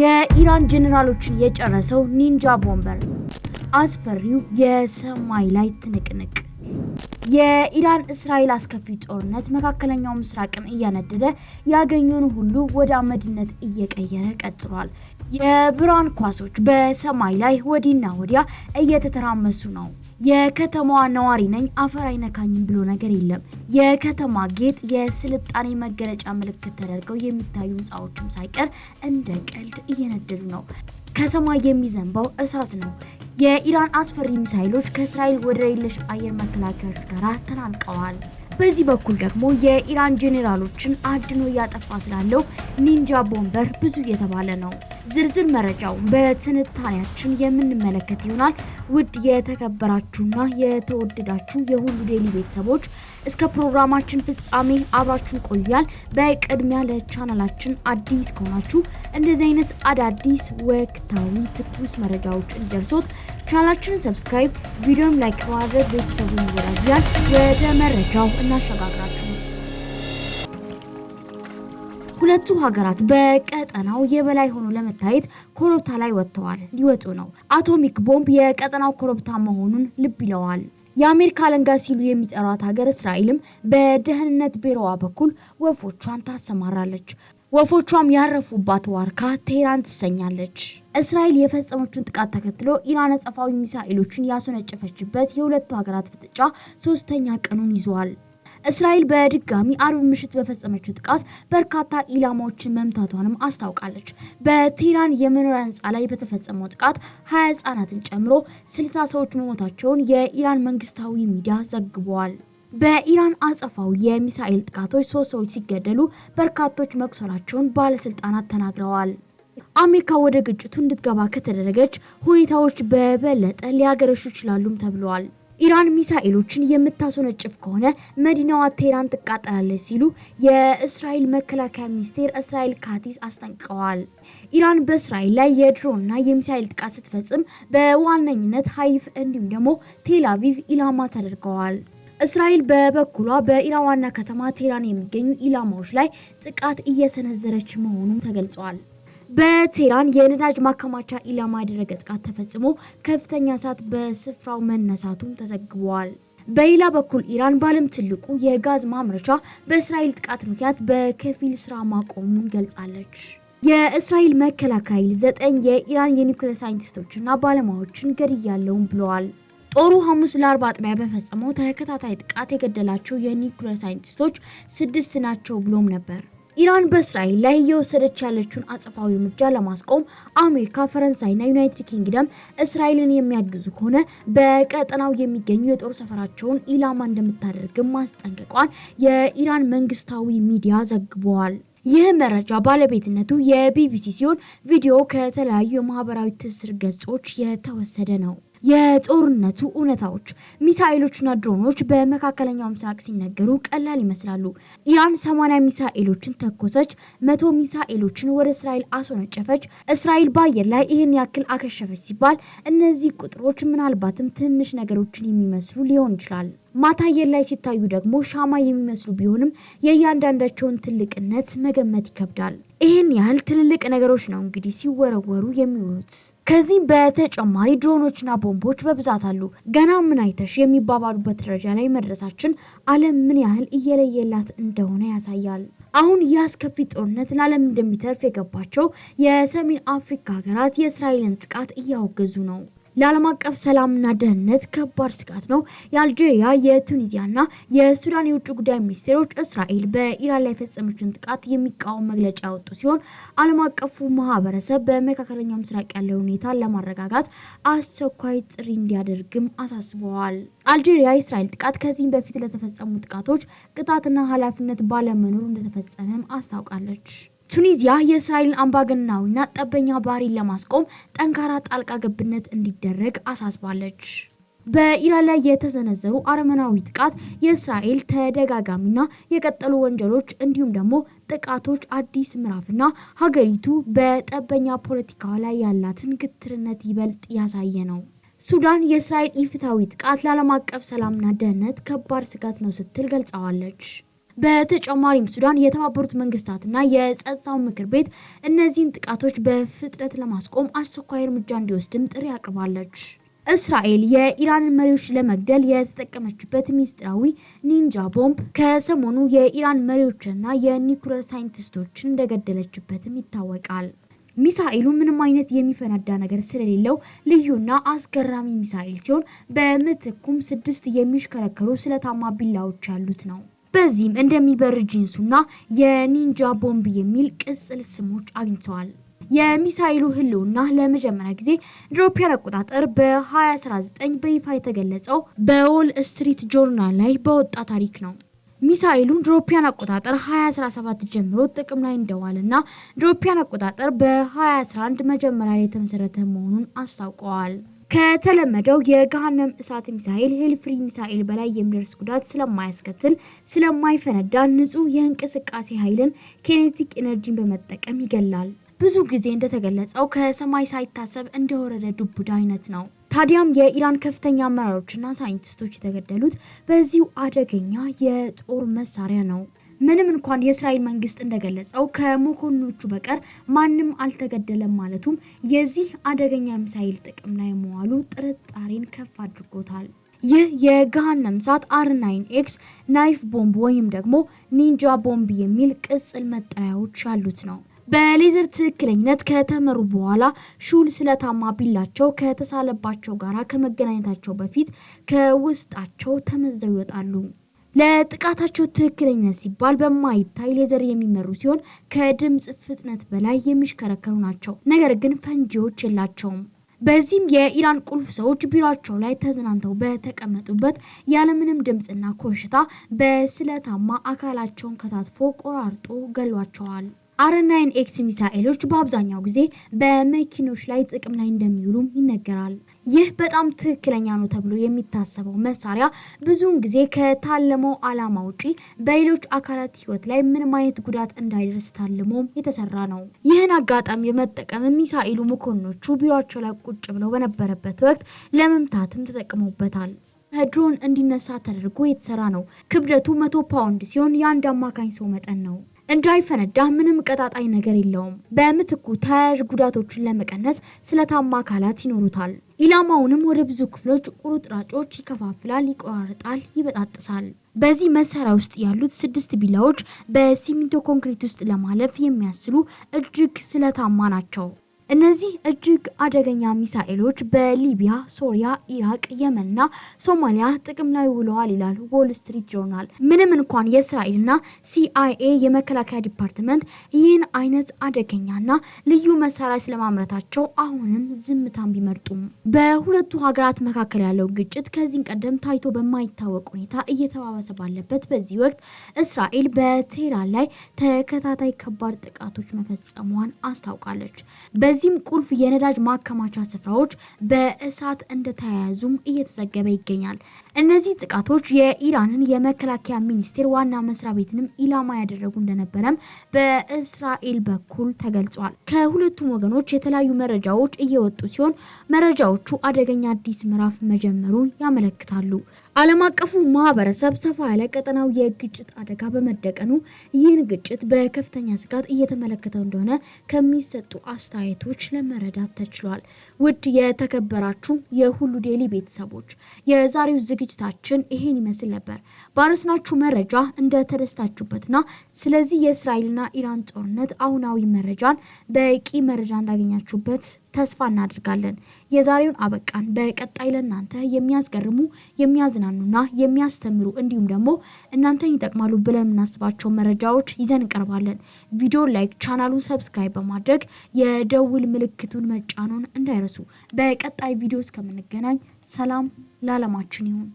የኢራን ጄኔራሎችን የጨረሰው ኒንጃ ቦምበር፣ አስፈሪው የሰማይ ላይ ትንቅንቅ የኢራን እስራኤል አስከፊ ጦርነት መካከለኛው ምስራቅን እያነደደ ያገኙን ሁሉ ወደ አመድነት እየቀየረ ቀጥሏል። የብርሃን ኳሶች በሰማይ ላይ ወዲና ወዲያ እየተተራመሱ ነው። የከተማዋ ነዋሪ ነኝ አፈር አይነካኝም ብሎ ነገር የለም። የከተማ ጌጥ፣ የስልጣኔ መገለጫ ምልክት ተደርገው የሚታዩ ህንፃዎችም ሳይቀር እንደ ቀልድ እየነደዱ ነው። ከሰማይ የሚዘንባው እሳት ነው። የኢራን አስፈሪ ሚሳይሎች ከእስራኤል ወደር የለሽ አየር መከላከያዎች ጋር ተናንቀዋል። በዚህ በኩል ደግሞ የኢራን ጄኔራሎችን አድኖ እያጠፋ ስላለው ኒንጃ ቦምበር ብዙ እየተባለ ነው። ዝርዝር መረጃው በትንታኔያችን የምንመለከት ይሆናል። ውድ የተከበራችሁና የተወደዳችሁ የሁሉ ዴይሊ ቤተሰቦች እስከ ፕሮግራማችን ፍጻሜ አብራችሁን ቆያል። በቅድሚያ ለቻናላችን አዲስ ከሆናችሁ እንደዚህ አይነት አዳዲስ ወቅታዊ ትኩስ መረጃዎች እንዲደርሶት ቻናላችንን ሰብስክራይብ፣ ቪዲዮም ላይክ በማድረግ ቤተሰቡን ይወዳጃል። ወደ መረጃው እናሸጋግራችሁ። ሁለቱ ሀገራት በቀጠናው የበላይ ሆኖ ለመታየት ኮረብታ ላይ ወጥተዋል፣ ሊወጡ ነው። አቶሚክ ቦምብ የቀጠናው ኮረብታ መሆኑን ልብ ይለዋል። የአሜሪካ አለንጋ ሲሉ የሚጠሯት ሀገር እስራኤልም በደህንነት ቢሮዋ በኩል ወፎቿን ታሰማራለች። ወፎቿም ያረፉባት ዋርካ ቴህራን ትሰኛለች። እስራኤል የፈጸመችውን ጥቃት ተከትሎ ኢራን አጸፋዊ ሚሳኤሎችን ያስወነጨፈችበት የሁለቱ ሀገራት ፍጥጫ ሶስተኛ ቀኑን ይዟል። እስራኤል በድጋሚ አርብ ምሽት በፈጸመችው ጥቃት በርካታ ኢላማዎችን መምታቷንም አስታውቃለች። በቴህራን የመኖሪያ ህንፃ ላይ በተፈጸመው ጥቃት ሀያ ህጻናትን ጨምሮ ስልሳ ሰዎች መሞታቸውን የኢራን መንግስታዊ ሚዲያ ዘግበዋል። በኢራን አጸፋው የሚሳኤል ጥቃቶች ሶስት ሰዎች ሲገደሉ በርካቶች መቁሰላቸውን ባለስልጣናት ተናግረዋል። አሜሪካ ወደ ግጭቱ እንድትገባ ከተደረገች ሁኔታዎች በበለጠ ሊያገረሹ ይችላሉም ተብለዋል። ኢራን ሚሳኤሎችን የምታስወነጭፍ ከሆነ መዲናዋ ቴህራን ትቃጠላለች ሲሉ የእስራኤል መከላከያ ሚኒስቴር እስራኤል ካቲስ አስጠንቅቀዋል። ኢራን በእስራኤል ላይ የድሮንና የሚሳኤል ጥቃት ስትፈጽም በዋነኝነት ሀይፍ እንዲሁም ደግሞ ቴል አቪቭ ኢላማ ተደርገዋል። እስራኤል በበኩሏ በኢራን ዋና ከተማ ቴህራን የሚገኙ ኢላማዎች ላይ ጥቃት እየሰነዘረች መሆኑም ተገልጿል። በቴህራን የነዳጅ ማከማቻ ኢላማ ያደረገ ጥቃት ተፈጽሞ ከፍተኛ እሳት በስፍራው መነሳቱም ተዘግቧል። በሌላ በኩል ኢራን በዓለም ትልቁ የጋዝ ማምረቻ በእስራኤል ጥቃት ምክንያት በከፊል ስራ ማቆሙን ገልጻለች። የእስራኤል መከላከያ ኃይል ዘጠኝ የኢራን የኒውክሌር ሳይንቲስቶችና ባለሙያዎችን ገድያለሁም ብለዋል። ጦሩ ሐሙስ ለአርብ አጥቢያ በፈጸመው ተከታታይ ጥቃት የገደላቸው የኒውክሌር ሳይንቲስቶች ስድስት ናቸው ብሎም ነበር። ኢራን በእስራኤል ላይ እየወሰደች ያለችውን አጸፋዊ እርምጃ ለማስቆም አሜሪካ፣ ፈረንሳይና ዩናይትድ ኪንግደም እስራኤልን የሚያግዙ ከሆነ በቀጠናው የሚገኙ የጦር ሰፈራቸውን ኢላማ እንደምታደርግም ማስጠንቀቋን የኢራን መንግስታዊ ሚዲያ ዘግበዋል። ይህ መረጃ ባለቤትነቱ የቢቢሲ ሲሆን ቪዲዮው ከተለያዩ የማህበራዊ ትስስር ገጾች የተወሰደ ነው። የጦርነቱ እውነታዎች ሚሳኤሎችና ድሮኖች በመካከለኛው ምስራቅ ሲነገሩ ቀላል ይመስላሉ። ኢራን ሰማንያ ሚሳኤሎችን ተኮሰች፣ መቶ ሚሳኤሎችን ወደ እስራኤል አስወነጨፈች፣ እስራኤል በአየር ላይ ይህን ያክል አከሸፈች ሲባል እነዚህ ቁጥሮች ምናልባትም ትንሽ ነገሮችን የሚመስሉ ሊሆን ይችላል። ማታ አየር ላይ ሲታዩ ደግሞ ሻማ የሚመስሉ ቢሆንም የእያንዳንዳቸውን ትልቅነት መገመት ይከብዳል። ይህን ያህል ትልልቅ ነገሮች ነው እንግዲህ ሲወረወሩ የሚውሉት። ከዚህ በተጨማሪ ድሮኖችና ቦምቦች በብዛት አሉ። ገና ምን አይተሽ የሚባባሉበት ደረጃ ላይ መድረሳችን ዓለም ምን ያህል እየለየላት እንደሆነ ያሳያል። አሁን ያስከፊ ጦርነት ለዓለም እንደሚተርፍ የገባቸው የሰሜን አፍሪካ ሀገራት የእስራኤልን ጥቃት እያወገዙ ነው። ለዓለም አቀፍ ሰላምና ደህንነት ከባድ ስጋት ነው። የአልጄሪያ የቱኒዚያና የሱዳን የውጭ ጉዳይ ሚኒስቴሮች እስራኤል በኢራን ላይ የፈጸመችን ጥቃት የሚቃወም መግለጫ ያወጡ ሲሆን ዓለም አቀፉ ማህበረሰብ በመካከለኛው ምስራቅ ያለው ሁኔታ ለማረጋጋት አስቸኳይ ጥሪ እንዲያደርግም አሳስበዋል። አልጄሪያ የእስራኤል ጥቃት ከዚህም በፊት ለተፈጸሙ ጥቃቶች ቅጣትና ኃላፊነት ባለመኖሩ እንደተፈጸመም አስታውቃለች። ቱኒዚያ የእስራኤልን አምባገናዊና ጠበኛ ባህሪን ለማስቆም ጠንካራ ጣልቃ ገብነት እንዲደረግ አሳስባለች። በኢራን ላይ የተሰነዘሩ አረመናዊ ጥቃት፣ የእስራኤል ተደጋጋሚና የቀጠሉ ወንጀሎች እንዲሁም ደግሞ ጥቃቶች አዲስ ምዕራፍና ሀገሪቱ በጠበኛ ፖለቲካዋ ላይ ያላትን ግትርነት ይበልጥ ያሳየ ነው። ሱዳን የእስራኤል ኢፍትሐዊ ጥቃት ለዓለም አቀፍ ሰላምና ደህንነት ከባድ ስጋት ነው ስትል ገልጸዋለች። በተጨማሪም ሱዳን የተባበሩት መንግስታትና የጸጥታው ምክር ቤት እነዚህን ጥቃቶች በፍጥነት ለማስቆም አስቸኳይ እርምጃ እንዲወስድም ጥሪ አቅርባለች። እስራኤል የኢራንን መሪዎች ለመግደል የተጠቀመችበት ሚስጥራዊ ኒንጃ ቦምብ ከሰሞኑ የኢራን መሪዎችና የኒኩለር ሳይንቲስቶችን እንደገደለችበትም ይታወቃል። ሚሳኤሉ ምንም አይነት የሚፈነዳ ነገር ስለሌለው ልዩና አስገራሚ ሚሳኤል ሲሆን በምትኩም ስድስት የሚሽከረከሩ ስለታማ ቢላዎች ያሉት ነው። በዚህም እንደሚበር ጂንሱና የኒንጃ ቦምብ የሚል ቅጽል ስሞች አግኝተዋል። የሚሳኤሉ ህልውና ለመጀመሪያ ጊዜ ኢሮፓያን አቆጣጠር በ2019 በይፋ የተገለጸው በዎል ስትሪት ጆርናል ላይ በወጣ ታሪክ ነው። ሚሳኤሉ ኢሮፓያን አቆጣጠር 2017 ጀምሮ ጥቅም ላይ ና ኢሮፓያን አቆጣጠር በ2011 መጀመሪያ ላይ የተመሰረተ መሆኑን አስታውቀዋል። ከተለመደው የገሃነም እሳት ሚሳኤል ሄልፍሪ ሚሳኤል በላይ የሚደርስ ጉዳት ስለማያስከትል ስለማይፈነዳ ንጹህ የእንቅስቃሴ ኃይልን ኬኔቲክ ኤነርጂን በመጠቀም ይገላል። ብዙ ጊዜ እንደተገለጸው ከሰማይ ሳይታሰብ እንደወረደ ዱብዳ አይነት ነው። ታዲያም የኢራን ከፍተኛ አመራሮችና ሳይንቲስቶች የተገደሉት በዚሁ አደገኛ የጦር መሳሪያ ነው። ምንም እንኳን የእስራኤል መንግስት እንደገለጸው ከመኮንኖቹ በቀር ማንም አልተገደለም ማለቱም የዚህ አደገኛ ሚሳኤል ጥቅም ላይ መዋሉ ጥርጣሬን ከፍ አድርጎታል። ይህ የገሃነም እሳት አር ኤክስ ናይፍ ቦምብ ወይም ደግሞ ኒንጃ ቦምብ የሚል ቅጽል መጠሪያዎች ያሉት ነው። በሌዘር ትክክለኝነት ከተመሩ በኋላ ሹል ስለታማ ቢላቸው ከተሳለባቸው ጋር ከመገናኘታቸው በፊት ከውስጣቸው ተመዘው ይወጣሉ። ለጥቃታቸው ትክክለኝነት ሲባል በማይታይ ሌዘር የሚመሩ ሲሆን ከድምፅ ፍጥነት በላይ የሚሽከረከሩ ናቸው። ነገር ግን ፈንጂዎች የላቸውም። በዚህም የኢራን ቁልፍ ሰዎች ቢሯቸው ላይ ተዝናንተው በተቀመጡበት ያለምንም ድምፅና ኮሽታ በስለታማ አካላቸውን ከታትፎ ቆራርጦ ገሏቸዋል። አረናይን ኤክስ ሚሳኤሎች በአብዛኛው ጊዜ በመኪኖች ላይ ጥቅም ላይ እንደሚውሉም ይነገራል። ይህ በጣም ትክክለኛ ነው ተብሎ የሚታሰበው መሳሪያ ብዙውን ጊዜ ከታለመው ዓላማ ውጪ በሌሎች አካላት ሕይወት ላይ ምንም አይነት ጉዳት እንዳይደርስ ታልሞም የተሰራ ነው። ይህን አጋጣሚ በመጠቀም ሚሳኤሉ መኮንኖቹ ቢሮቸው ላይ ቁጭ ብለው በነበረበት ወቅት ለመምታትም ተጠቅመውበታል። ድሮን እንዲነሳ ተደርጎ የተሰራ ነው። ክብደቱ መቶ ፓውንድ ሲሆን የአንድ አማካኝ ሰው መጠን ነው። እንዳይፈነዳ ምንም ቀጣጣይ ነገር የለውም። በምትኩ ተያያዥ ጉዳቶችን ለመቀነስ ስለታማ አካላት ይኖሩታል። ኢላማውንም ወደ ብዙ ክፍሎች ቁርጥራጮች ይከፋፍላል፣ ይቆራርጣል፣ ይበጣጥሳል። በዚህ መሳሪያ ውስጥ ያሉት ስድስት ቢላዎች በሲሚንቶ ኮንክሪት ውስጥ ለማለፍ የሚያስችሉ እጅግ ስለታማ ናቸው። እነዚህ እጅግ አደገኛ ሚሳኤሎች በሊቢያ፣ ሶሪያ፣ ኢራቅ፣ የመንና ሶማሊያ ጥቅም ላይ ውለዋል ይላል ዎል ስትሪት ጆርናል። ምንም እንኳን የእስራኤልና ሲአይኤ የመከላከያ ዲፓርትመንት ይህን አይነት አደገኛና ልዩ መሳሪያ ስለማምረታቸው አሁንም ዝምታን ቢመርጡም በሁለቱ ሀገራት መካከል ያለው ግጭት ከዚህ ቀደም ታይቶ በማይታወቅ ሁኔታ እየተባባሰ ባለበት በዚህ ወቅት እስራኤል በቴህራን ላይ ተከታታይ ከባድ ጥቃቶች መፈጸሟን አስታውቃለች። እነዚህም ቁልፍ የነዳጅ ማከማቻ ስፍራዎች በእሳት እንደተያያዙም እየተዘገበ ይገኛል። እነዚህ ጥቃቶች የኢራንን የመከላከያ ሚኒስቴር ዋና መስሪያ ቤትንም ኢላማ ያደረጉ እንደነበረም በእስራኤል በኩል ተገልጿል። ከሁለቱም ወገኖች የተለያዩ መረጃዎች እየወጡ ሲሆን መረጃዎቹ አደገኛ አዲስ ምዕራፍ መጀመሩን ያመለክታሉ። ዓለም አቀፉ ማህበረሰብ ሰፋ ያለ ቀጠናው የግጭት አደጋ በመደቀኑ ይህን ግጭት በከፍተኛ ስጋት እየተመለከተው እንደሆነ ከሚሰጡ አስተያየቱ ምልክቶች ለመረዳት ተችሏል። ውድ የተከበራችሁ የሁሉ ዴይሊ ቤተሰቦች የዛሬው ዝግጅታችን ይሄን ይመስል ነበር። ባረስናችሁ መረጃ እንደተደስታችሁበትና ስለዚህ የእስራኤልና ኢራን ጦርነት አሁናዊ መረጃን በቂ መረጃ እንዳገኛችሁበት ተስፋ እናደርጋለን። የዛሬውን አበቃን። በቀጣይ ለእናንተ የሚያስገርሙ የሚያዝናኑና የሚያስተምሩ እንዲሁም ደግሞ እናንተን ይጠቅማሉ ብለን የምናስባቸው መረጃዎች ይዘን እንቀርባለን። ቪዲዮ ላይክ፣ ቻናሉን ሰብስክራይብ በማድረግ የደውል ምልክቱን መጫኑን እንዳይረሱ። በቀጣይ ቪዲዮ እስከምንገናኝ ሰላም ላለማችን ይሁን።